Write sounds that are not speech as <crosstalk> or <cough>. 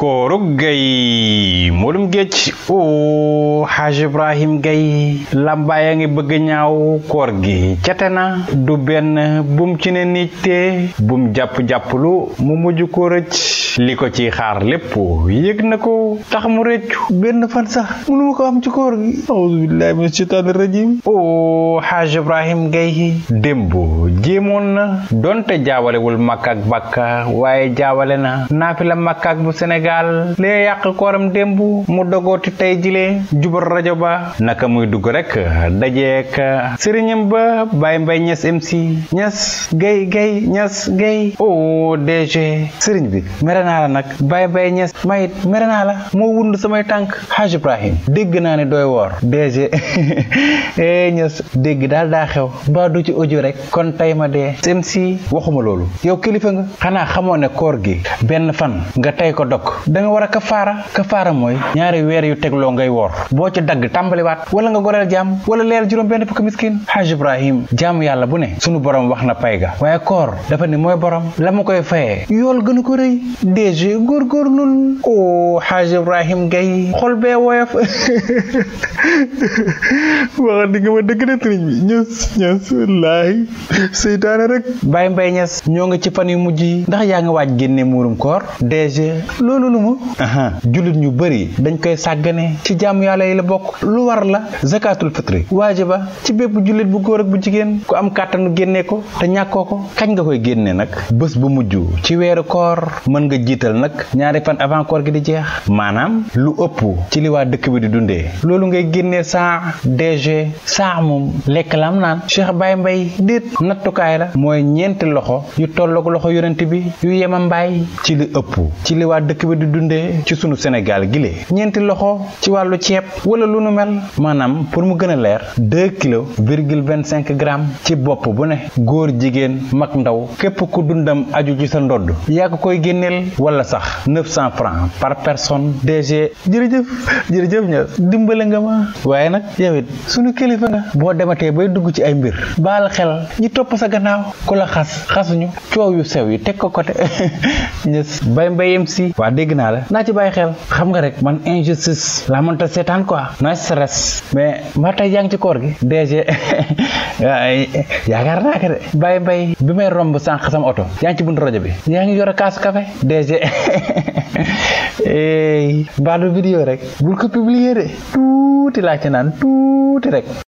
koorug gay moolum géej o oh, xaaj ibrahim gay làmbaaya ngi bëgg ñaaw koor gi cete na du benn bum ci ne nit te bum jàpp-jàpplu mu mujj ko rëcc li ko ci xaar lépp yëg na ko tax mu rëccu benn fan sax mënuma ko am ci koor gi auzu billahi min shaytaani rajim o oh, xaaj ibrahim gay démb jéemoon na donte jaawalewul makk ak bakka waaye jaawale na naafila makk bu Sénégal Sénégal lee yàq kooram démb mu dogooti tey jilee jubal rajo ba naka muy dugg rek dajeek sëriñam ba Baye Mbaye Niass MC Niass gay gay Niass gay o DG sëriñ bi mere la nag Baye Mbaye Niass mayit mere naa la moo wund samay tànk Haj Ibrahim dégg naa ne dooy woor DG <laughs> eh Niass dégg daal daa xew mbaa du ci audio rek kon tey ma dee MC waxuma loolu yow kilifa nga xanaa xamoo ne koor gi benn fan nga tey ko dok da war a ka kafaara kafaara mooy ñaari weer yu tegloo ngay woor boo ci dagg tàmbaliwaat wala nga goreel jaam wala leel juróom benn fukki miskin xaaj ibrahim jaamu yàlla bu ne suñu borom wax na pay ga waaye koor dafa ne mooy borom la ma koy faye yool gënu ko rëy dèj góorgóorlul o oh, xaaj ibrahim gay xol bee woyof <laughs> wax di ma dëgg na tëriñ bi ñës ñës wallaahi seytaane rek bàyyi mbay ñes ñoo ngi ci fan yu mujj yi ndax yaa nga waaj génne muurum loolu lu mu ñu bëri dañ koy sàggane ci jaamu yàlla la bokk lu war la zakatul fitri waajiba ci bépp jullit bu góor bu jigéen ku am kàttanu génnee ko te ñàkkoo ko kañ nga koy génne nag bés bu mujj ci weeru koor mën nga jiital nag ñaari fan avant gi di jeex maanaam lu ëpp ci li waa dëkk bi di dundee loolu ngay génnee saa DG saa moom lekk la am naan Cheikh Baye mbay déet nattukaay la mooy ñeenti loxo yu tolloog loxo yonent bi yu yema mbaay ci li ëpp ci li waa dëkk bi di dundee ci sunu Sénégal gile ñeenti loxo ci wàllu ceeb wala lu nu mel maanaam pour mu gën a leer deux kilos virgule vingt cinq grammes ci bopp bu ne góor jigéen mag ndaw képp ku dundam aju ci sa ndodd yaa ko koy génneel wala sax neuf cent francs par personne DG jërëjëf jërëjëf ña dimbale nga ma waaye nag yow it sunu kilifa nga boo dematee bay dugg ci ay mbir baal xel ñi topp sa gannaaw ku la xas xasuñu coow yu sew yi teg ko côté <laughs> ñës bay mbayem si waa dégg naa la naa ci bàyyi xel xam nga rek man injustice laa mënta seetaan quoi no stress mais mbaa tey yaa ngi ci koor gi DG <laughs> de bàyyi mbay bi may romb sànq sama oto yaa ngi ci buntu rajo bi yaa ngi yor kaasu café DG mbaalu <laughs> vidéo rek bul ko publier tuuti laa ci naan tuuti rek